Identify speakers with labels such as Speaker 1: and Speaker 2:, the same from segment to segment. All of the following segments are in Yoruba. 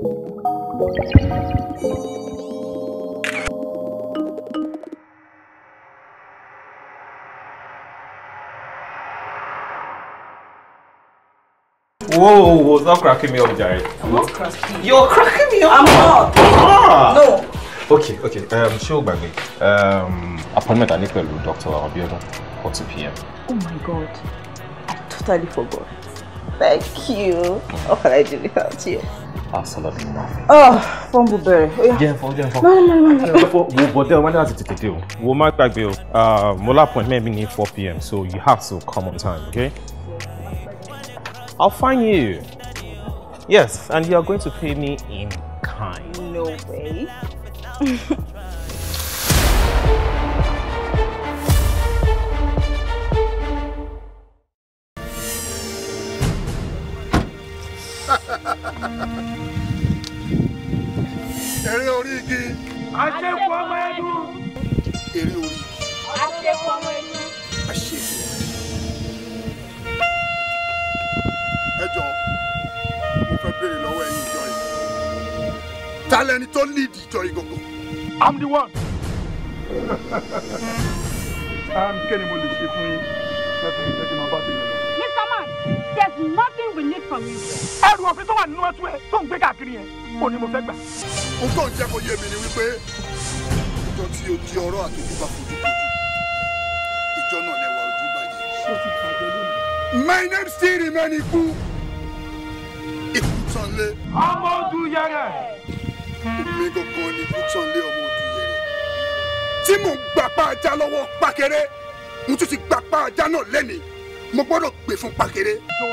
Speaker 1: Whoa, whoa, stop cracking me up, Jared. I'm not cracking You're cracking
Speaker 2: me up. I'm not. Ah. No.
Speaker 1: Okay, okay. Um,
Speaker 2: show by me. Um, appointment I need with Dr. Abiodun, 4 p.m.
Speaker 3: Oh my God. I totally forgot. Thank you. What can I do without you? Oh, Fumbleberry.
Speaker 4: Jẹ́ ẹ̀fọ́, jẹ́ No,
Speaker 3: no, no, no. Ẹ̀fọ́
Speaker 2: wo bọ̀dẹ̀ wọn láti tètè to Wo má gbàgbé o. Mo lá appointment four pm so you have to
Speaker 4: come on time, okay? I'll find you. Yes, and you are going to pay me in kind.
Speaker 3: No way.
Speaker 4: eré orí igi. àṣepọ̀ ọmọ ẹnu.
Speaker 3: eré orí igi. àṣepọ̀ ọmọ ẹnu. àṣepọ̀ ẹ jọ mo fẹ́ béèrè
Speaker 2: lọ́wọ́ ẹ̀yin ìjọ yìí ta lẹni tó líìdì ìjọ yìí gbogbo. i'm the one. sáà ń mo lè ṣe fún yín láti kí n máa bá tèmi lọ there's nothing we need from you. ẹrù òfin tó wà nínú ẹtú ẹ tó ń gbé káàkiri yẹn òun ni mo fẹ́ gbà. ohun tó ń jẹ́ kó yé mi ni wípé
Speaker 1: ìjọ tí o di ọ̀rọ̀ àtòjúbà fojú kojú ìjọ náà lẹ́wà ojú bàjẹ́.
Speaker 4: my name still remain ikú ikú sanlé. ọmọ ojú yẹrẹ. omi gangan ni ikú sanlé ọmọ ojú
Speaker 2: yẹrẹ tí mò ń gbapá ajá lọ́wọ́ pákẹ́rẹ́ mo tún ti gbapá ajá náà lẹ́nìí
Speaker 1: mo gbọ́dọ̀ gbé fún pàkéré. don't fear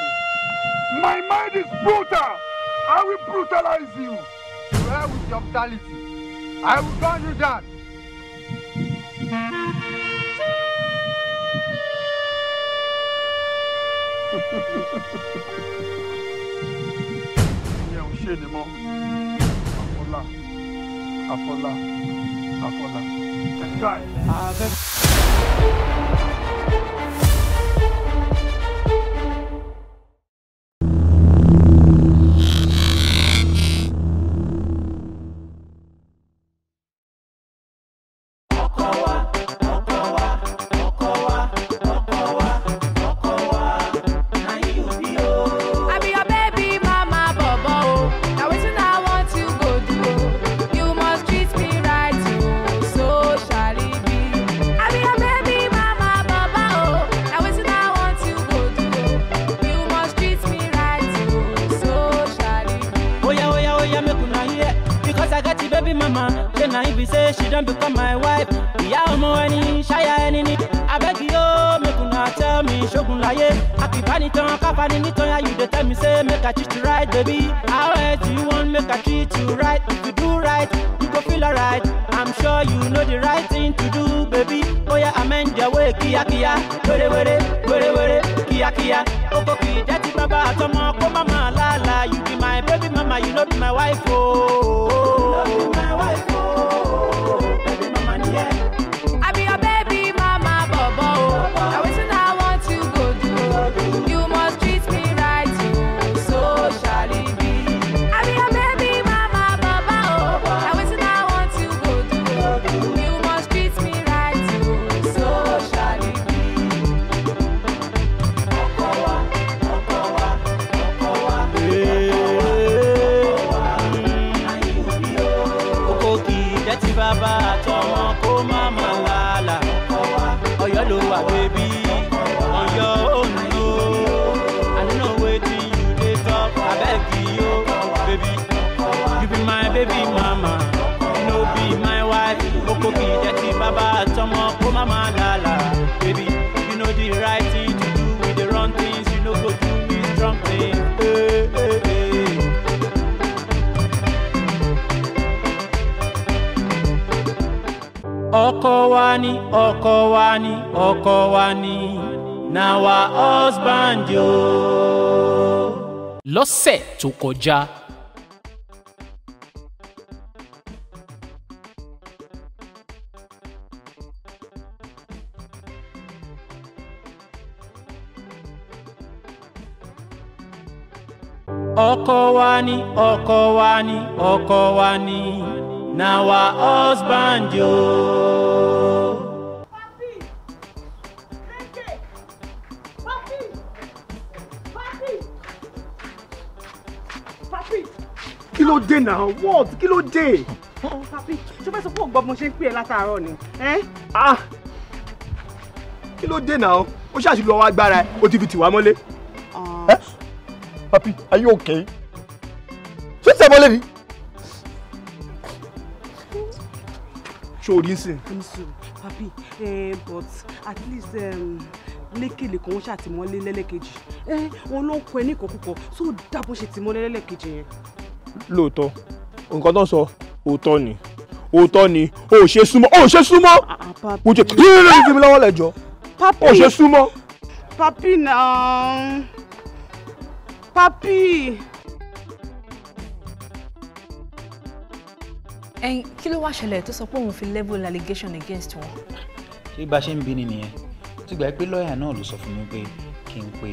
Speaker 1: me my mind is brutal i will brutalize you Where are with your brutality i will burn
Speaker 4: you down.
Speaker 2: ìyẹn ò ṣe ni mọ́ àfọlá àfọlá àfọlá.
Speaker 4: Try. be say she don't become my wife ìyá ọmọ ẹni ṣáyà ẹni ni make you not tell me ṣogun láyé akíbánitán káfáni nítan yá you dey tell me say make i treat you right baby how else you wan make i treat you right if you do right you go feel alright i'm sure you know the right thing to do baby oya oh amend kia kia, kíákíá wérewére wérewére kíákíá kia kia. Oko jẹ́ ti baba, tomo ko mama máa láàlà you be my baby mama you no be my wife Oh, oh, oh. you no be my wife. okowani okowani okowani na wa husband yo. lọ́sẹ̀ tó kọjá. ọkọ wa ni ọkọ wa ni ọkọ wa ni. na our husband o. Papi,
Speaker 2: Reke, papi, papi, papi. Kí ló dé náà? What? Kí ló dé? Papi, ṣé o fẹ́ sọ fún ọ̀gbọ́n mo ṣe ń pè é látàárọ̀ ni? Ah! Kí ló dé náà? Ó ṣàṣì lọ wá agbára ẹ̀, ó ti fi tì wá mọ́lé. Ah. Papi, are you okay? Ṣé o ti sẹ́ ni? ṣó o rí sí. ǹsù papi eh, but at least um, lékèlè kan wọ́n ṣàtìmọ́lé lẹ́lẹ́kejì wọn eh, ló ń kọ ẹ ní ìkọkúkọ tó dábò ṣe tìmọ́lé lẹ́lẹ́kejì yẹn. lóòótọ́ nǹkan tó ń sọ òótọ́ ni òótọ́ ni o ò ṣe súnmọ́ o ò ṣe súnmọ́ o ṣe yíyí lórí fi mi lọ́wọ́ lẹ́jọ́ o ò ṣe súnmọ́. papi náà papi.
Speaker 3: ẹyin kí ló wàá ṣẹlẹ̀ tó sọ pé òun fi level allegation against wọn.
Speaker 1: ṣé bá a ṣe ń bí ni nìyẹn tí gbà pé lọ́ọ̀yà náà ló sọ fún mi pé kí n pe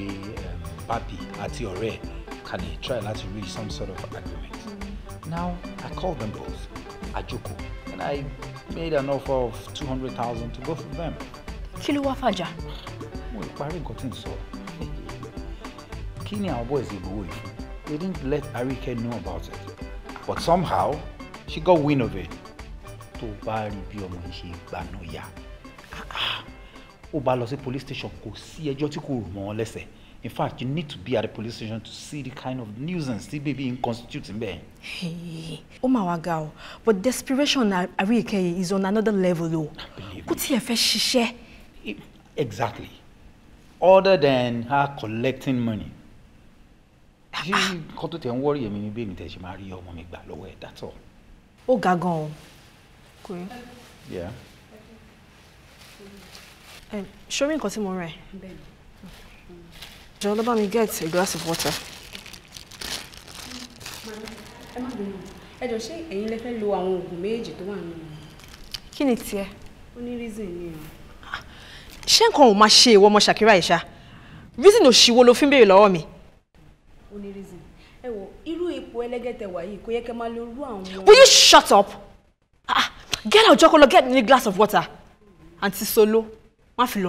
Speaker 1: papi eh, àti ọ̀rẹ́ ẹ̀ ká lè try láti reach some sort of agreement now i called them both Ajoko and i made an offer of two hundred thousand to both of them.
Speaker 3: kí ló wá fàjà.
Speaker 1: mo parí nǹkan tí n sọ kí ni àwọn boys ìgbowó yìí they didn't let Arike know about it but somehow she got wind of it tó o bá rí bí ọmọ yìí ṣe gbaná ya ah, ah, ó bá lọ sí police station kò sí ẹjọ́ tí kò rò mọ́ wọn lẹ́sẹ̀ in fact you need to be at the police station to see the kind of nuisance tí baby in constitute nbẹ.
Speaker 3: ó mà wá ga o but desperation Àríkẹ́ yìí is on another level o kó tiẹ̀ fẹ́ ṣiṣẹ́.
Speaker 1: E, exactly other than her collecting money ah, ṣé nǹkan tó tẹ̀ ń wọ́rí èmi ni bẹ́ẹ̀ ni tẹ̀ ṣe máa rí ọmọ mi gbà lọ́wọ́ ẹ̀ that's all
Speaker 3: ó ga gan-an. ṣorí nǹkan tí mo rà ẹ́ jọ lọ mi get a glass of water. ẹ má bínú ẹ jọ ṣé ẹ̀yin lè fẹ́ lo àwọn oògùn méjèèjì tó wà nínú. kí ni tiẹ̀. ó ní reason ni o. ṣé nǹkan ò máa ṣe ìwọ ọmọ Ṣàkírà yìí ṣá reason òṣìwò ló fi ń béèrè lọ́wọ́ mi. ó ní reason will you shut up ah, ah get out Jokolo. get me a glass of water Auntie solo my fi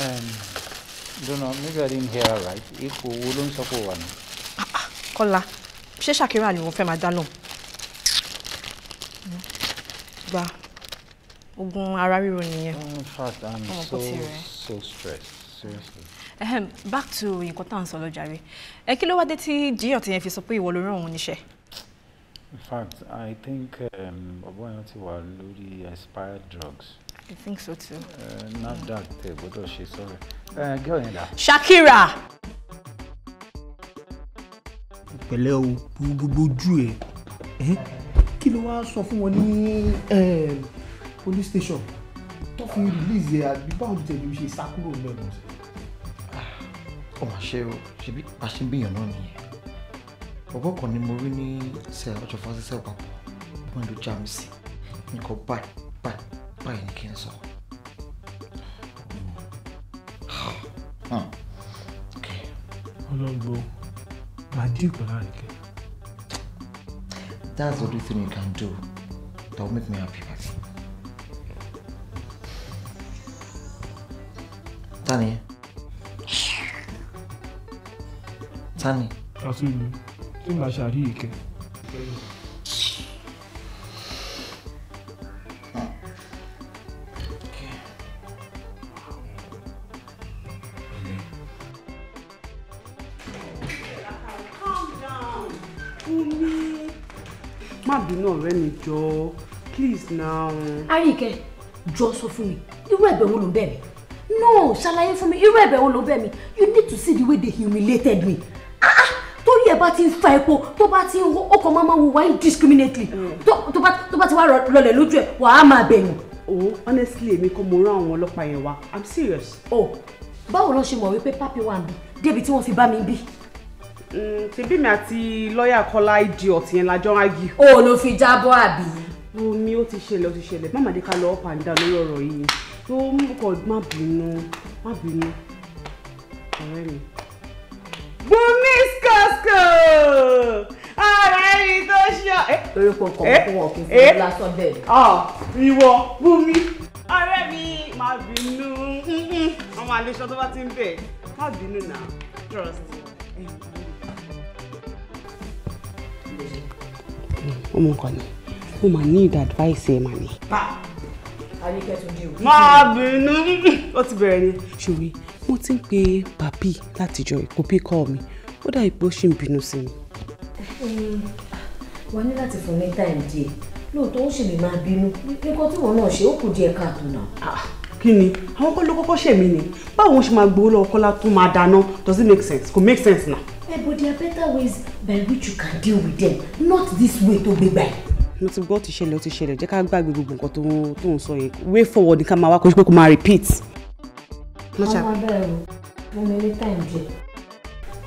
Speaker 1: Um, mi dá maybe i didn't hear her right If we wouldn't ń sọ pé Ah, ní.
Speaker 3: Ah, kọ́lá ṣé ṣàkíyàn ni wọ́n fẹ́ máa dá lóhùn. Hmm, gba oògùn ara ríro nìyẹn. in oh, i'm so
Speaker 1: so stressed seriously
Speaker 3: um, back to nǹkan tá à ń sọ lọ́jàre ẹ kí ló wá dé tí jíyàn ti yẹn fi sọ pé ìwọ ló rán òun níṣẹ́.
Speaker 1: in fact i think um, ọ̀bọ̀n yẹn ti wà lórí expired drugs.
Speaker 3: i think so too.
Speaker 1: Uh, nafdac tẹ gbọ́dọ̀ ṣe sọ̀rọ̀ gẹ́ọ̀ yẹn dà.
Speaker 3: shakira.
Speaker 1: pẹ̀lẹ́ o gbogbo ojú ẹ̀
Speaker 3: kí ló wá
Speaker 2: sọ fún wọn ní um, police station tó fi release ẹ̀ àbí báwo
Speaker 1: tẹ̀lé o ṣe sá kúrò lẹ́nu ó mà ṣe o ṣebí bá ṣe ń gbìyàn náà nìyẹn ọgbọ́n kan ni mo rí ní sẹ́ẹ̀ ọjọ́ fásitì papọ̀ wọ́n ló já mi sí nǹkan báyìí báyìí báyìí ni kí n sọ. Hmm. Hmm. ọlọ́gbọ́n máa dín ìpè láàrin kẹ́. That's the only thing you can do that will make me happy. it.
Speaker 3: Sani. Àtúnyìí, tí màá ṣàrí ìkẹ́.
Speaker 2: Má bínú ọ̀rẹ́ mi jọ, please now. Àríkẹ́, jọ sọ fún mi, irú ẹ̀bẹ̀ wo ló ń bẹ̀ mí? No, ṣàlàyé fún mi, irú ẹ̀bẹ̀ wo ló ń bẹ̀ mí? You need to see the way they humiliated me bá ti ń fa epo tó bá ti ń ó kàn máa máa wù mm. tó bá ti wá lọlẹ̀ lójú ẹ̀ wàá máa bẹ̀yìn. oh honestly èmi kò mọ rán àwọn ọlọ́pàá yẹn wá i'm serious. oh báwo ló ṣe mọ̀ wípé pápí wà ń bí débi tí wọ́n fi bá mi bí. Mm, tèmi mi àti lọ́ọ̀yà kọ́lá ìdí ọ̀tí yẹn lájọ́ ági. o ò lọ fi jábọ́ àbí. omi oh, ó ti ṣẹlẹ̀ ó ti ṣẹlẹ̀ má màdé ká lọ up and lórí ọ̀rọ̀ yìí tó mú kọ́ má bínú má bínú ọ̀rẹ́ mi. ara ẹni tó ṣọ. torí kò kọ̀ mọ́ fún wọn kí n fi lásán bẹ́ẹ̀. ìwọ Wúmi ọ̀rẹ́ mi máa bínú ọmọ àlejò tó bá ti ń bẹ̀ má bínú náà trust. ọmọ nǹkan ni mo máa need advice ẹ màá ní. máa bínú ó ti bẹ̀rẹ̀ ni. ṣòwe mo ti ń pe papi látijọ́ ìkó pí kọ́ mi ó dà ìpò ṣì ń bínú sí mi
Speaker 3: wọ́n ní láti fún ní time díẹ̀ lóòótọ́ ó sì lè máa bínú nǹkan tí wọn náà ṣe ó kù díẹ̀ káàtó náà. Ah, kí ni àwọn kọ́
Speaker 2: ló kọ́kọ́ ṣe mí ni báwo wọn ṣe máa gbowó lọ́wọ́ Kọ́lá tó máa dáná does it make sense kò make sense na. ẹ eh, but there are better ways by which you can deal with them not this way tó gbé gbà yìí mo ti gbọ́ ti ṣẹlẹ̀ ó ti ṣẹlẹ̀ jẹ́ ká gbàgbé gbogbo nǹkan tó ń sọ yẹn way forward ní ká máa wá kó kó máa repeat.
Speaker 4: wọ́n máa bẹ̀rù wọ́n mi ní time jẹ.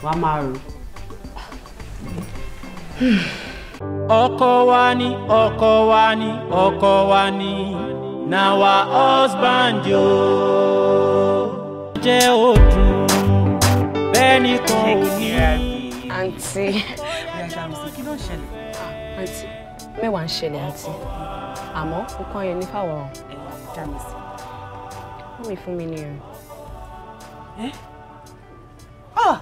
Speaker 4: wàá máa rò ọkọ wa ni ọkọ ni ni na wa husband o. jẹ́ òdùn bẹ́ẹ̀ni kan ò ní.
Speaker 3: àǹtí àǹtí ah, mẹ́wàá ń ṣẹlẹ̀ àǹtí àmọ́ nǹkan yẹn ní fáwọn ọ̀rọ̀. mi fún mi ah!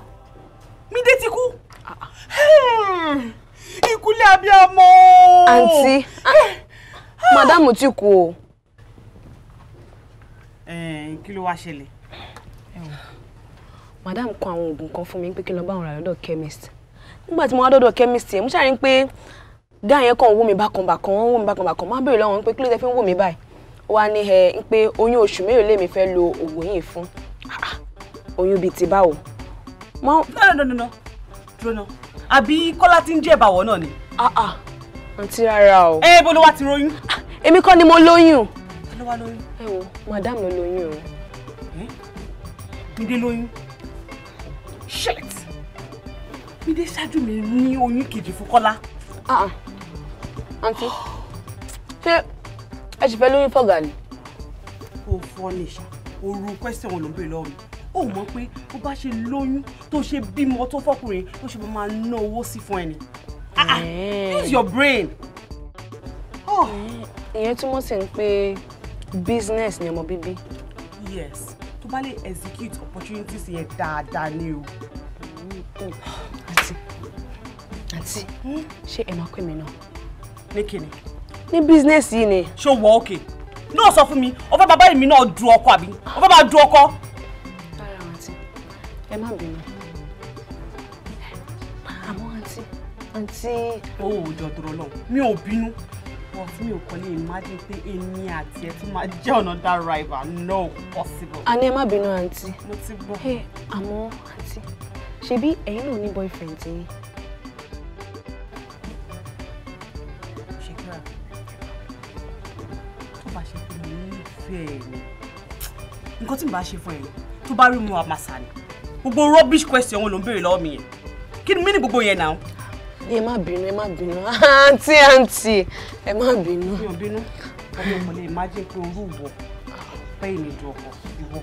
Speaker 3: ti kú.
Speaker 2: Ah, hmm. ìkúlẹ̀ abiyamọ. àǹtí
Speaker 3: màdàmù ti kú o. kí ló wá ṣẹlẹ̀. madam kọ àwọn oògùn kan fún mi pé kí n lọ bá òun rà lọ́dọ̀ chemist nígbà tí mo wá dọ́dọ̀ chemist yẹn mo ṣàrí pé gáà yẹn kàn wò mí bákan bákan wọ́n wò mí bákan bákan má béèrè lọ́wọ́ pé kí ló dé fi ń wò mí báyìí wá ní ẹ ń pé oyún oṣù mélòó lèmi fẹ́ lo oògùn yìí fún ah, ah,
Speaker 2: oyún bíi ti báwo.
Speaker 3: no no no no
Speaker 2: dúró náà àbí kọ́lá ti ń jẹ́ ìbàwọ̀ náà ni. Ah, ah. àǹtí rárá o. ẹ bó ló wá ti ròyún. Ah, èmi kọ́ ni mo lóyún.
Speaker 3: ta ló wá lóyún. ẹ wo madam ló lóyún o. Mide lóyún. shit
Speaker 2: Mide ṣáájú mi ní oyún kejì fún kọ́lá. àǹtí ṣé ẹ ti fẹ́ lóyún fọ̀gà ni. kò fọ́ ni ṣá orú kwẹ́sítọ̀n ló ń bèèrè lọ́wọ́ mi ó mọ̀ pé bó bá ṣe lóyún tó ṣe bímọ tó fọkùnrin tó ṣe máa ná owó sí fún ẹni. Ah, ah, use your brain.
Speaker 3: Oh. ìyẹn túmọ̀ sí ni pé business ni ọmọ bíbí.
Speaker 2: yes tó bá lè execute opportunities yẹn dáadáa ni o. àǹtí àǹtí ṣé ẹ máa pè mí náà. ní kíni. ní business yìí ni. ṣé o wọ òkè náà sọ fún mi o fẹ́ bàbá èmi náà du ọkọ àbí o bá du ọkọ ẹ má bínú àmọ́ àǹtí àǹtí. ó ò jọ̀dọ̀rọ̀ lọ mi ò bínú wọn tí mi ò kọ́ lè imagine pé èmi àti ẹ tún máa jẹ́ another rival no possible. a ní ẹ má bínú
Speaker 3: àǹtí. mo ti gbọ́. ẹ àmọ́ àǹtí ṣebí ẹ̀yin náà ní boyfriend yín.
Speaker 2: ṣèkírà tó bá ṣe fún mi nífẹ̀ẹ́ mi nǹkan tí mo bá ṣe fún ẹ tó bá rí mu àmàṣà ni gbogbo rubbish question wo ló ń béèrè lọ́wọ́ mi yẹn kí ni mí ní gbogbo yẹn náà.
Speaker 3: ẹ má bínú ẹ má bínú àǹtí
Speaker 2: àǹtí ẹ má bínú. mi ò bínú ọmọ mo lè má jẹ́ pé orú ìwọ pé ìrìnàjò ọkọ ìwọ.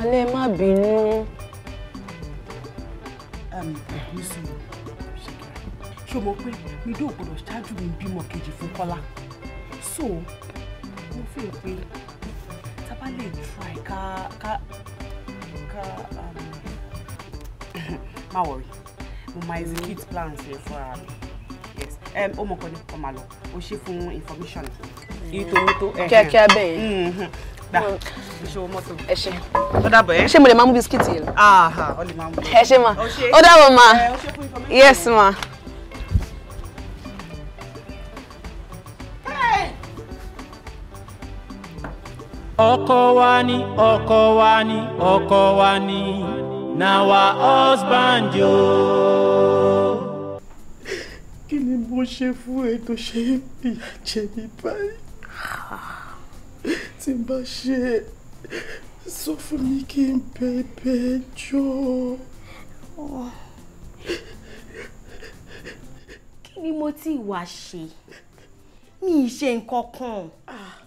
Speaker 2: alẹ́ má bínú. ṣé o mọ̀ pé mi dóò gbọ́dọ̀ ṣáájú mi bímọ kejì fún Kọ́lá so mo fẹ́ pé tábà lè try ká ká ká. Um, má wọrí mo máa execute plans yẹn fún ara mi yes ó mọ̀ kọ́ ni kọ́ máa o ṣe fún information
Speaker 1: ìtòwó tó kíákíá bẹ́ẹ̀ mm-hmm.
Speaker 2: gbà mm. ìṣòwò mọ́tò. ẹ ṣe ó dàbọ̀ ẹ́. ṣé mo lè máa mú bisikíìtì yìí lọ. ó lè máa mú. ẹ ṣe ma ó dàbọ̀ ma yes
Speaker 4: ma. ọkọ wa ni ọkọ wa ni ọkọ wa ni na our husband o. kí ni mo ṣe fún ẹ tó ṣe é fìyà jẹ
Speaker 2: mi báyìí tí n bá ṣe sọ
Speaker 3: fún mi kí n bẹ̀ bẹ̀ jọ. kí ni mo ti wá ṣe mi ì ṣe nǹkan kan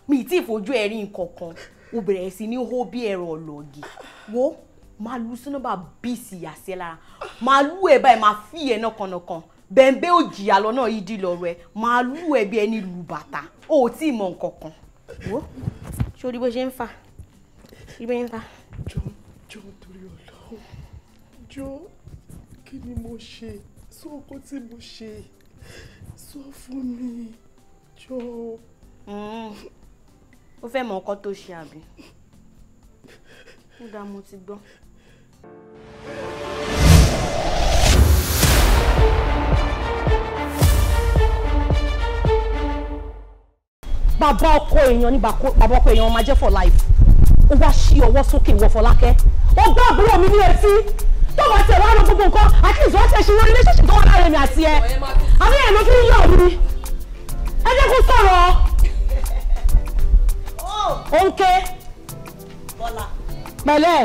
Speaker 3: mi ì tí ì fojú ẹ rí nǹkan kan o bẹ̀rẹ̀ sí hó bí ẹ̀rọ ọ̀lọ́gì wo màálù sínú bá bíìsì yà sí ẹ lára màálù ẹ báyìí máa fi ẹ nọkànnọkàn bẹ̀ǹbẹ̀ ò jìyà lọ́nà yìí di lọ́rọ̀ ẹ màálù ẹ bí ẹni lu bàtà ó tí ì mọ nǹkan kan wo sórí bó ṣe ń fà ibẹ̀ ń fà. jọ jọ torí Ọlọ́run
Speaker 2: jọ kí ni mo ṣe sọ ọkọ tí mo ṣe sọ fún mi jọ.
Speaker 3: ó mm. fẹ́ mọ ọkọ tó ṣe àbí ó dáa mo ti gbọ́
Speaker 2: bàbá ọkọ èèyàn ni bàbá ọkọ èèyàn máa jẹ́ for life ó wá ṣí ọwọ́ sókè wọ Fọlákẹ́ ó gbọ́ àbúrò mi ní etí tó bá tẹ̀ wá lọ gbogbo nǹkan àti ìṣòro tẹ̀ ṣe
Speaker 3: lórí relationship tó wà láàrin mi àti ẹ àbí ẹ̀ ló fi ń yọ̀ mi ẹ jẹ́ kó sọ̀rọ̀ oh. ó ń ké pẹ̀lẹ́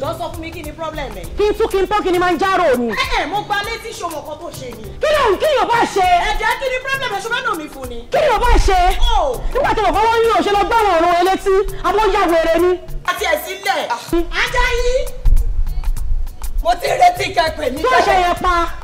Speaker 3: jọ sọ fún mi kí ni problem ẹ.
Speaker 2: kí n tún kí n tán kí ni máa ń járò ni. ẹ ẹ mo gba létí ìṣòwò kan tó ṣe ni. kí ló ń kí yóò bá ṣe. ẹ kí ni problem ẹ ṣe fẹ́ nà mí fún ni. kí yóò bá ṣe. nígbà tí bàbá wọn yóò ṣe lọ gbọ́ àwọn ọ̀rọ̀ elétí àmọ́ ya wèrè ni. àti ẹ̀ sílẹ̀ ah. Ajayi mo ti retí kẹpẹ̀ nígbà. tó ṣe yẹn pa.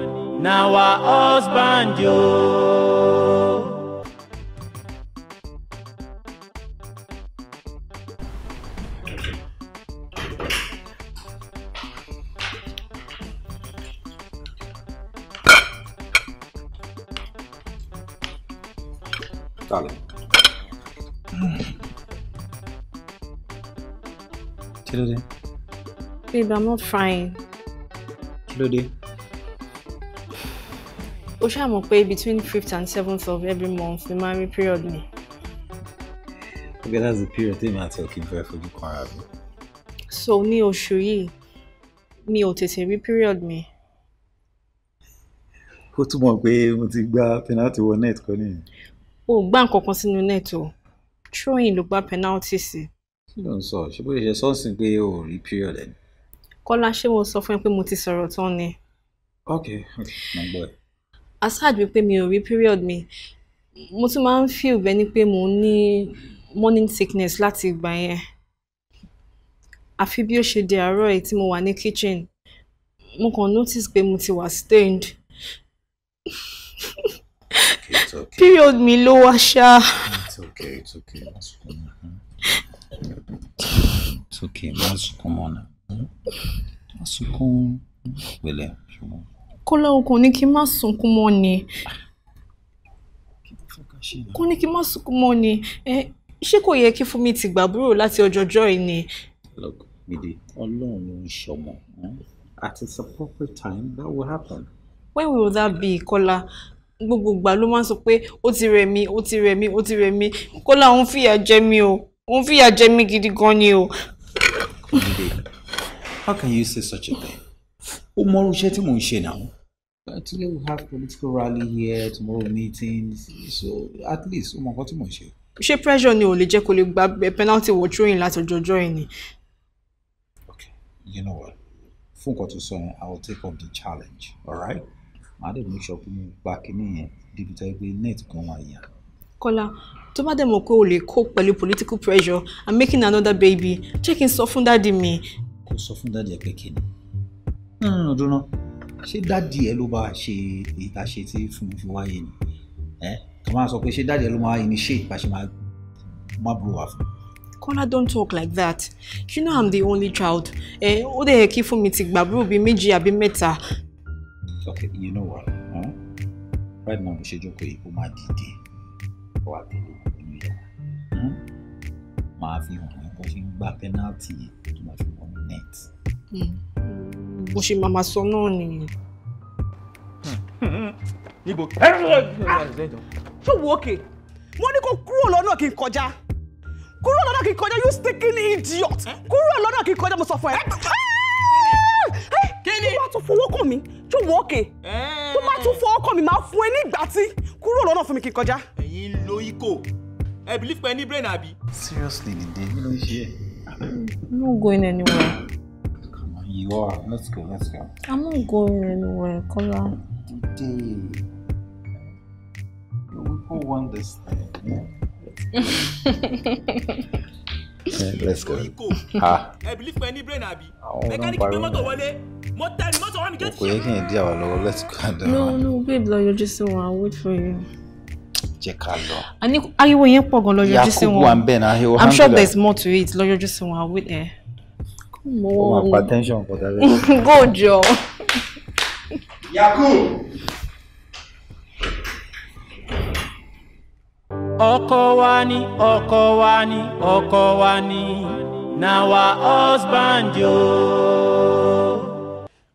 Speaker 4: na our husband yo. Darling. Kí ló dé?
Speaker 3: Babe, I'm not fine. Kí ló o ṣáà mọ̀ pé between fifth and seventh of every month ni máa rí period mi.
Speaker 1: Okay, that's the period tí èmi àti ọ̀kìn fẹ́ fojú kan ara mi.
Speaker 3: So ní oṣù yìí mi ò tètè rí period mi.
Speaker 1: Ó túmọ̀ pé mo ti gba penalty wọ net kan nìyẹn.
Speaker 3: O ò gbá nǹkan kan sínú net o. Throwing ló gba penalty sí.
Speaker 1: Kí ló ń sọ? Ṣé bó ṣe sọ́ọ̀sìn pé o rí period ẹ̀?
Speaker 3: Kọ́lá ṣé mo sọ fún ẹ pé mo ti sọ̀rọ̀ tán ni?
Speaker 1: Okay, okay, my boy
Speaker 3: aside wípé mi ò rí period mi mo tún máa ń feel bẹ́ẹ̀ ni pé mo ní morning sickness láti ìgbà yẹn àfi bí ó ṣe di àárọ̀ yìí tí mo wà ní kitchen mo kàn notice pé mo ti wà stained period mi ló wá ṣá.
Speaker 1: It's okay, it's okay. It's okay. It's okay. Má sunkún mọ́ náà
Speaker 3: kọ́lá okùn ní kí n má sunkún mọ́ ni kò ní kí n má sunkún mọ́ ni ṣé kò yẹ kí fún mi ti gbàbúrò láti
Speaker 1: ọjọ́jọ́ yìí ni. gidi ọlọ́run ń ṣọmọ hmm? at its appropriate time that will happen.
Speaker 3: when will that be Kola? gbogbo ìgbà ló máa ń sọ pé ó ti rẹ̀ mí ó ti rẹ̀ mí ó ti rẹ̀ mí kọ́lá òun fìyà jẹ mí o òun fìyà jẹ mí gidi gan ni o.
Speaker 1: how can you say such a thing? ó mọrú iṣẹ́ tí mò ń ṣe náà. today we have political rally here, tomorrow meetings, so at least ó mọ nǹkan tí mò ń ṣe.
Speaker 3: Ṣé pressure ni ò lè jẹ́ kó lè gba penalty wọ throwing láti ọjọ́jọ́ yìí ni?
Speaker 1: Okay, you know what? Fún nǹkan tó sọ yẹn, I will take up the challenge, alright? Màá dẹ̀ make sure pé mo gba kinní yẹn débi tó yẹ pé net gan wà yẹn.
Speaker 3: Kọ́lá, tó bá dẹ̀ mọ̀ pé o lè cope pẹ̀lú political pressure and making another baby, jẹ́ kí n sọ fún dáàdi mi.
Speaker 1: Kò sọ fún dáàdi ẹ pé kí ni? Hmm. dúnà ṣé dáàdì ẹ ló bá ṣe èyí tá a ṣe tí fúnmi fi wáyé ni ẹ kà máa sọ pé ṣé dáàdì ẹ ló máa initiate bá ṣe máa má burú wá fún.
Speaker 3: Kola don't talk like that you know I'm the only child ẹ ó dẹ̀ kí fún mi ti gbàbúrò bíi méjì àbí mẹ́ta.
Speaker 1: okay you know what huh? right now mo ṣe jókòó yìí ó máa dìde ó wà tẹ̀lé nínú yàrá máa fi hàn ẹ bó ṣe ń gba penalty tó máa fi wọnú net. Mm bó ṣe
Speaker 2: màmá sọ náà nìyẹn. Hmm. níbo ṣé wo òkè wọ́n ní kó kúrò lọ́nà kí n kọjá kúrò lọ́nà kí n kọjá you stinking idiot kúrò lọ́nà kí n kọjá mo sọ fún ẹ ah! eh! kí ni tó bá tún fọwọ́ kàn mí tó wọ òkè tó bá tún fọwọ́ kàn mí máa fún ẹ ní ìgbà tí kúrò lọ́nà fún mi kí n kọjá. ẹ̀yin lo ikọ̀
Speaker 1: ẹ believe pé ẹ ní brain àbí. seriously dìde kí ló ń ṣe ẹ.
Speaker 3: i'm not going anywhere.
Speaker 1: You are. Let's go. Let's go.
Speaker 3: I'm not going anywhere, Kola.
Speaker 1: Today, people want this thing. Yeah? let's go. Ha. I believe my new brain, Abi. Mechanic, the motor wale. Motor, motor, I'm just. Okay, you can deal Let's go. No, uh,
Speaker 3: no, babe, no, you're just so I'll wait for you.
Speaker 1: Check out. lọ.
Speaker 3: a ní ariwo yẹn i'm sure there's more to it lọ yọjú sí wọn Wait will. Eh mo wọn ni. ó máa pa tension kọjá lẹ́yìn. bó jọ.
Speaker 4: wani, ọkọ wa ni ọkọ wa ni ọkọ wa husband o.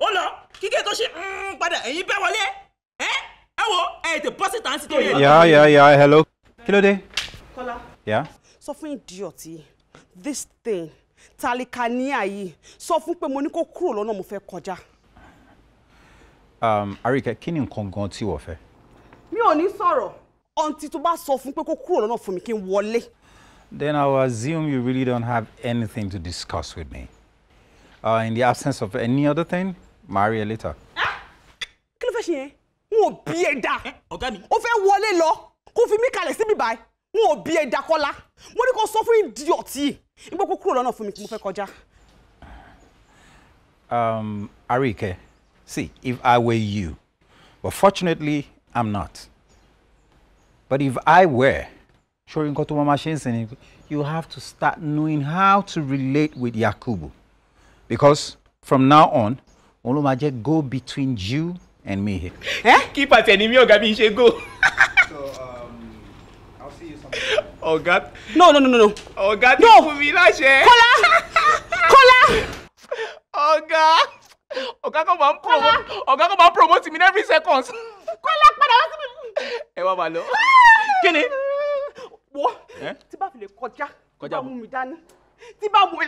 Speaker 4: ó lọ kíkẹ́ tó ṣe mm, padà ẹ̀yin bẹ́ wọlé ẹ ẹ wo ẹ ètò pọ́sítà ń sító
Speaker 2: yẹn. yà yà
Speaker 1: yà hello kí ló dé.
Speaker 2: kọ́lá sọ fún idiot yìí this thing tálíkà ní àyè sọ fún pé mo ní kó kúrò lọ́nà mo fẹ́ kọjá.
Speaker 1: àríkẹ́ um, kí ni nǹkan gan tí wọ́n fẹ́.
Speaker 2: mi ò ní sọ̀rọ̀ ọ̀ǹtí tó bá sọ fún pé kó kúrò lọ́nà fún mi kí n wọlé.
Speaker 1: Then I will assume you really don't have anything to discuss with me. Uh, in the absence of any other thing, marry her later. Ah!
Speaker 2: kí ló fẹ́ ṣe yẹn n ò bí ẹ dá eh, o fẹ́ wọlé lọ kó fi mí kalẹ̀ síbi báyìí n ò bí ẹ kọ́lá mo ní kó sọ fún ìdíọ̀tì nígbà kó kúrò lọ́nà fún mi mo fẹ́ kọjá.
Speaker 1: Um, Arike, see, if I were you, but fortunately, I'm not. But if I were, sure, nǹkan tó máa ṣe ń sìn you have to start knowing how to relate with Yakubu. Because from now on, òun ló máa jẹ́ go between you and me. Kí pàtẹ́ ni mi ọ̀gá mi ṣe go. So, uh,
Speaker 2: ọ̀gá. no no no no. ọ̀gá ti fún mi láṣẹ. kọ́lá kọ́lá. ọ̀gá ọ̀gá kan máa ń promote ọ̀gá kan máa ń promote mi every second. kọ́lá padà wá sí mi. ẹ wá máa lọ. kí ni. wo tí bá fi lè kọjá tí bá mú mi dání tí bá mú mi.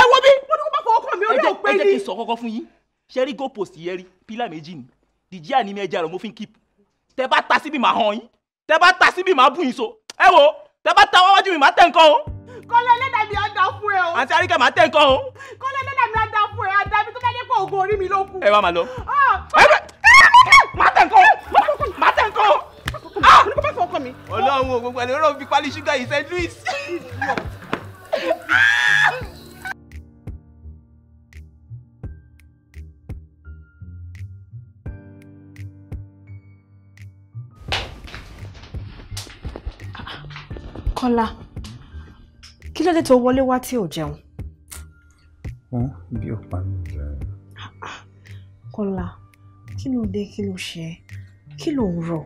Speaker 2: ẹ wo bí. wọ́n ní kó bá fọwọ́ kàn mí ó ní òpè ni. ẹ jẹ́ kí n sọ kọ́kọ́ fún yín ṣe rí goal post yẹn rí pílà méjì ni dìjíà ni mi ẹ jẹ́ àrò mo fi ń kíp tẹ bá ta síbi màá hàn yín tẹ bá ta síbi màá bù yín so ẹ wo tẹ bá ta wájú mi màá tẹ̀ nǹkan o. kọ́lé lẹ́dà mi á dá fún ẹ o. àti àríkẹ́ màá tẹ̀ nǹkan o. kọ́lé lẹ́dà mi á dá fún ẹ àdàbí tó bá dé pé oògùn orí mi ló kù. ẹ wá ah, ah, màá lọ. màá tẹ̀ nǹkan o màá tẹ̀ nǹkan o. Ah, ọlọ́run ò gbogbo ẹ̀ lọ́rọ̀ fi pálí ṣúgà yìí sẹ́ Louis.
Speaker 3: Kọ́lá kí ló dé tó wọlé wá tí ò jẹun.
Speaker 1: wọ́n bí ó pa mí jẹ.
Speaker 3: Kọ́lá kí ló dé kí ló ṣe kí ló ń rọ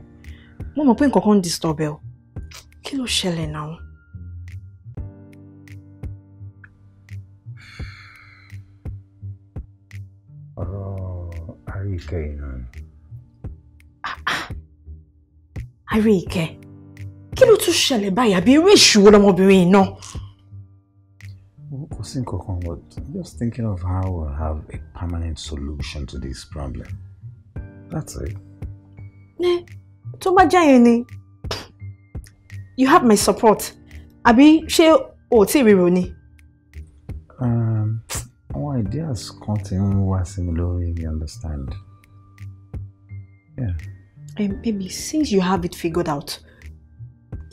Speaker 3: mo mọ̀ pé nǹkan ń disturb ẹ o kí ló ṣẹlẹ̀ náà.
Speaker 1: ọ̀rọ̀ Àríkẹ́ yìí náà ni. Ah,
Speaker 3: ah. Àríkẹ́ kí ló tún ṣẹlẹ̀ báyìí àbí irú ìṣòro lọmọbìnrin yìí náà.
Speaker 1: kò sí nǹkan kan but just thinking of how we'll have a permanent solution to this problem that's it.
Speaker 3: ẹ tó bá jẹ́ yẹn ni you have my support àbí ṣé o tí ì ríro ni.
Speaker 1: Um, àwọn ideas kan ti ń wá sí mi lórí you understand. Yeah.
Speaker 3: Um, baby since you have it figured out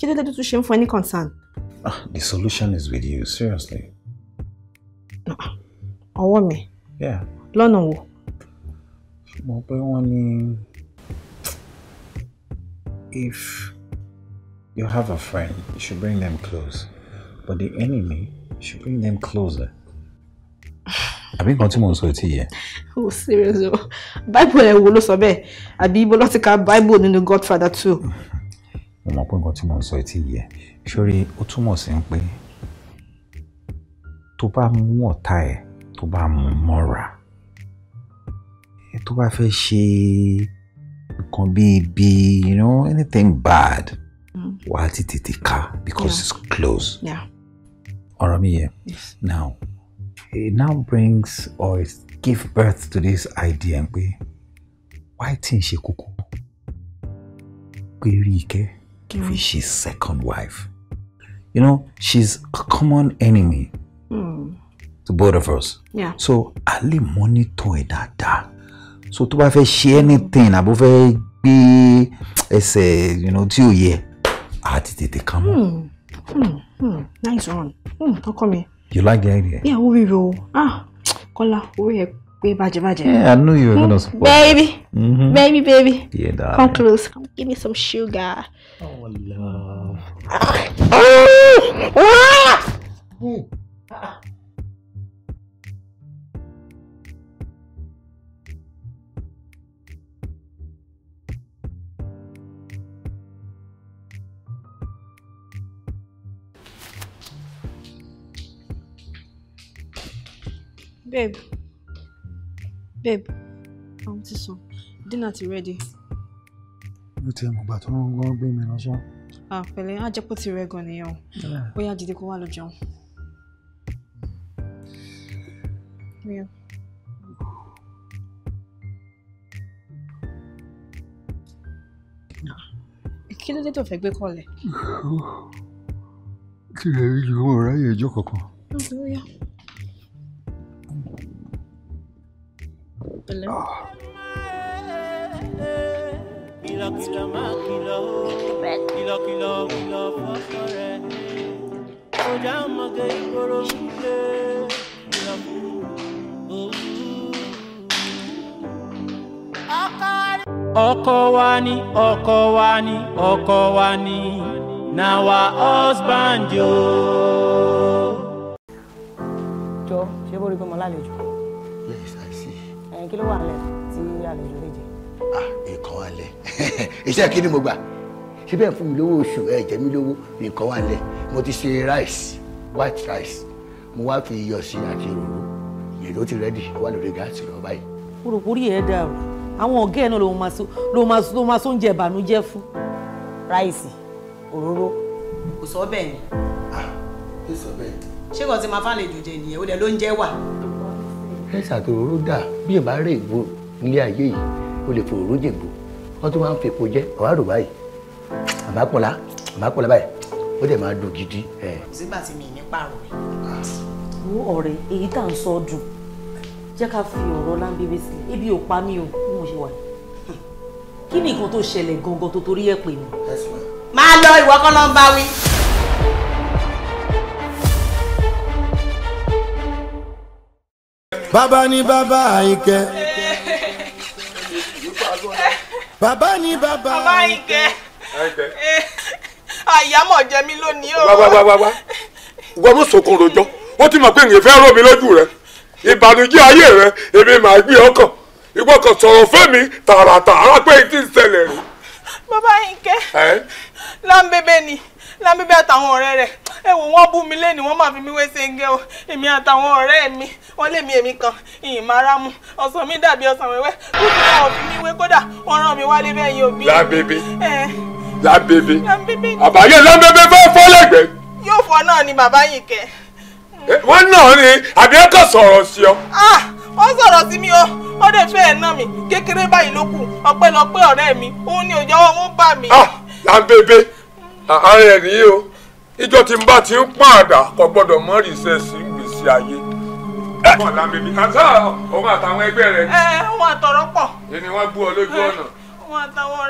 Speaker 3: kí ló dé tó ṣe ń fún concern.
Speaker 1: ah the solution is with you seriously.
Speaker 3: Ah, ọwọ́ mi lọ́nà wo.
Speaker 1: mo pé wọ́n ní if you have a friend you should bring them close but the enemy should bring them closer. àbí nǹkan tí mò ń sọ ti yẹ.
Speaker 3: o oh, serious oh. bible ẹ wo ló sọ bẹ́ẹ̀ àbí ibo ló ti ka bible nínú Godfather too
Speaker 1: mo mọ̀ pé nǹkan tí mo ń sọ etí yẹ sórí ó túmọ̀ sí pé tó bá mú ọ̀tá ẹ̀ tó bá mú mọ́ra tó bá fẹ́ ṣe nǹkan bíi bíi you know anything bad mm. wà á ti tètè ká because yeah. it's close ọ̀rọ̀ mi yẹ now it now brings or it gives birth to this idea pé why tí n ṣe kókó pé rí i kẹ́ mm. Fishi's second wife. You know, she's a common enemy mm. to both of us. Yeah. So, Ali monitor it dáadáa. So, to bá fẹ́ ṣe anything, àbó be. gbé ẹsẹ̀, you know, tí ó Add it ti tètè kàn
Speaker 3: mọ́. Mm. Nice one. Mm. Ọkọ me.
Speaker 1: You like the idea?
Speaker 3: Yeah, We will. o. Ah, Kọ́lá, orí ẹ̀ É, hum, uhum. baby baby magic. Yeah, I knew you were gonna support. Baby,
Speaker 1: mm -hmm. baby, baby. Yeah, darling. Come
Speaker 3: close. give me some sugar. Oh,
Speaker 4: love.
Speaker 3: oh! Ah! Babe. babe àwọn ti sùn dinner ti ready.
Speaker 1: mo ti mọ̀ gbà tó ń gbọ́ gbé mi lọ sọ.
Speaker 3: àpẹẹrẹ ah, ajẹ́pọ̀ ti rẹ̀ gan nìyẹn o bóyá dìde kó wá lọ jẹun. Yeah. kí ló dé tó fẹ́ gbé kọ́lẹ̀.
Speaker 1: kí lè rí ju owó ráyè ìjọ kankan.
Speaker 4: ó ti ó yá. pẹ̀lẹ́. kìlọ̀kìlọ̀ máa kìlọ̀ kìlọ̀kìlọ̀ kìlọ̀ ọkọ wa ni ọkọ wa ni ọkọ wa ni na wa husband yo. jọ ṣé bó rí pé mo lálejò
Speaker 2: kí ló wà lẹ
Speaker 1: tí àlejò lè jẹ. ah nǹkan wà lẹ iṣẹ́ kí ni mo gbà ṣé bẹ́ẹ̀ fún mi lówó oṣù ẹ jẹ mí lówó nǹkan wà lẹ mo ti ṣe rice white rice mo wá fi iyọ̀ sí àti òróró èlò ti rẹ́dì wà lórí gáàsì lọ báyìí.
Speaker 2: orògbórí ẹ̀ dàrú àwọn ọ̀gá ẹ̀ náà ló máa so ló máa so ló máa so oúnjẹ ìbànújẹ́ fún. ráìsì òróró kò sọ bẹ́ẹ̀ ni. ah kò sọ bẹ́ẹ̀. ṣé kò sí máa fàlejò jẹ nìyẹn ó dẹ̀ ló ń wà
Speaker 1: lẹ́sà tó róró dà bí ìbá rè gbò nílé ayé yìí o lè fòróró jèbò wọ́n tún máa ń fèpo jẹ́ ọ̀rá rò báyìí àbápọ̀lá àbápọ̀lá báyìí ó dẹ̀ máa dùn gidi. sígbà
Speaker 2: tí mi ní pààrọ̀ rẹ̀. wo ọ̀rẹ́ èyí tá à ń sọ ọ́ dùn jẹ́ ká fi ọ̀rọ̀ láńbébé sí ebi ò pa mí o bí mo ṣe wà kí ni nǹkan tó ṣẹlẹ̀ gangan tó torí ẹ̀ pè mí. máa lọ ìwọ kọ́ wí.
Speaker 4: Baba ni baba ike. Baba ni bàbá àyìnkẹ́.
Speaker 2: àyàmọ̀ jẹ mí lónìí o. wá wá wá wá wá wọ́n mú sọkún rojọ́ ó ti mọ̀ pé nìyẹn fẹ́ rọ̀ mí lójú rẹ̀ ìbànújẹ́ ayé rẹ̀ èmi màá gbé ọkàn ìwọ kan sọ̀rọ̀ fẹ́mi tààràtà arápẹ́ ìdí ìṣẹ̀lẹ̀ rẹ̀. bàbá àyìnkẹ́ lọ́nbẹ́bẹ́ ni lábíbí àtàwọn ọ̀rẹ́ rẹ̀ ẹ wò bú mi lẹ́nu wọ́n máa fi mi wé senge o èmi àtàwọn ọ̀rẹ́ mi wọ́n lé mi èmi kan ìyìn máa rá mu ọ̀sán mi dàbí ọ̀sán wẹ́wẹ́ kúkú náà ò fi mi wé kódà wọ́n rán mi wálé bẹ́ẹ̀ yóò bí. lábébé lábébé àbáyé lábébé fẹ́ fọ́ lẹ́gbẹ̀ẹ́. yóò fọ náà ni bàbá yìí kẹ. wọ́n náà ni àbí ẹ kò sọ̀rọ̀ sí ọ. ó sọ̀rọ̀ sí mi o ó dẹ̀ fẹ́ ẹ̀ ná mi kékeré báyìí ló kù ọpẹ́lọpẹ́ ọ̀rẹ́ mi òun ni òjọ́wọ́ wọn bá mi. lábébé àárẹ̀ ẹ̀ nìyí o ìjọ tí n bá ti ń pọ́n àdá kò gbọ́dọ̀ mọ́ rìsẹ́ẹ̀sì ìgbésí ayé. ọmọ làmì mi òun àtàwọn ẹgbẹ́ rẹ.
Speaker 4: ẹ ẹ wọn àtọ̀rọ̀ pọ̀.
Speaker 2: èmi wọn gbú ọ lójú ọ̀nà.
Speaker 4: wọn àtàwọn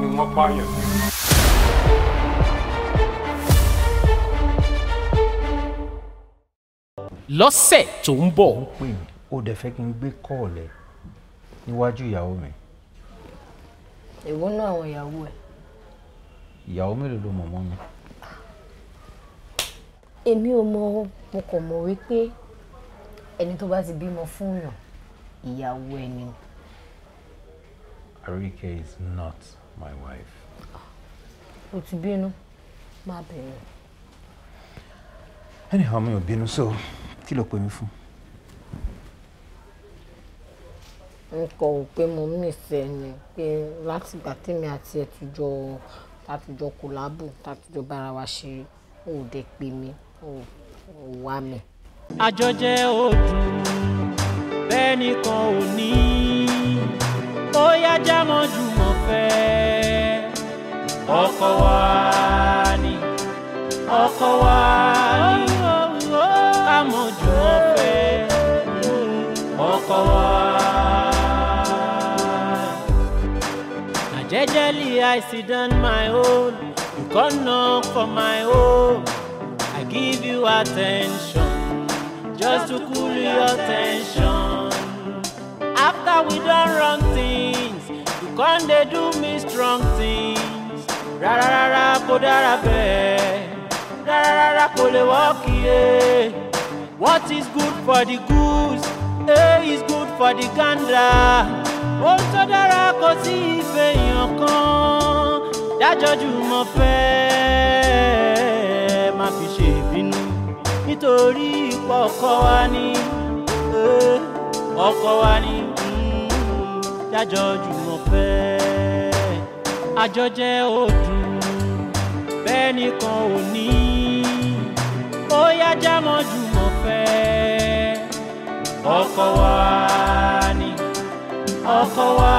Speaker 4: ni wọ́n pààyàn.
Speaker 1: lọ́sẹ̀ tó ń bọ̀. ó dẹ̀ fẹ́ kí n gbé kọ́ọ̀lẹ̀ níwájú ìyàwó mi.
Speaker 3: èwo náà àwọn ìyàwó ẹ̀.
Speaker 1: ìyàwó mélòó ló mọ̀ mọ́ mi.
Speaker 3: èmi ò mọ mo kàn mọ̀ wípé ẹni tó bá ti bímọ fún yàn ìyàwó ẹni.
Speaker 1: Arike is not my wife.
Speaker 3: o ti bínú má bẹ̀rẹ̀.
Speaker 1: anyhow mi ò bínú so kí ló pè mí fún.
Speaker 3: n kò rò pé mo miss ẹ ni pé látìgbà tèmi àti ẹ ti kòlábù
Speaker 4: láti bára wa ṣe ò dé pè mí ò wá mi. àjọjẹ ojú bẹ́ẹ̀ nìkan ò ní ó yá jámọ́ jùmọ̀ fẹ́ ọkọ wa ni ọkọ wa. early I sit down my own. You come knock for my home. I give you attention, just to cool your tension. After we done wrong things, you come they do me strong things. Ra ra ra ra kodara Ra ra ra ra kole eh. What is good for the goose, eh, is good for the gander. ohun tó dára kò sí ìfẹ́ èèyàn kan dájọ́jú mọ́ fẹ́ má fi ṣe ìbínú nítorí ipò ọkọ wa ni eh, ọkọ wa ni hmm, dájọ́jú mọ́ fẹ́ àjọjẹ òdùn bẹ́ẹ̀ nìkan ò ní ó yá jámọ́ jùmọ̀ fẹ́ ọkọ wa ọkọ wa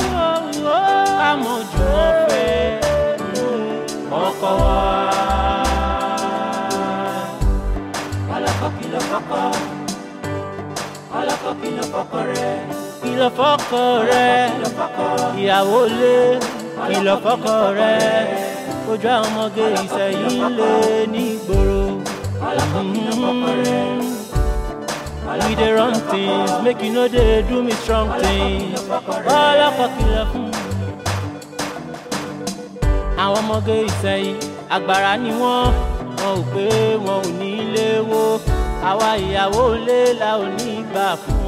Speaker 4: ni ká mọ̀ jùmọ̀ fẹ́ ọkọ wa. ọlọ́kọ̀ kìlọ̀ fọ́kọ ọlọ́kọ̀ kìlọ̀ fọ́kọ rẹ̀. kìlọ̀ fọ́kọ rẹ̀ ìyàwó lé kìlọ̀ fọ́kọ rẹ̀ ojú àwọn ọmọge ìsẹ̀yìn lé nígboro. We dey run things make you no dey do me strong things wàhálà kọkìlọ̀ fún mi. àwọn ọmọge ìsẹ̀yìn àgbàrá ni wọ́n wọn ò pé wọn ò ní ilé wo àwa ìyàwó ilé la ò ní gbà fún.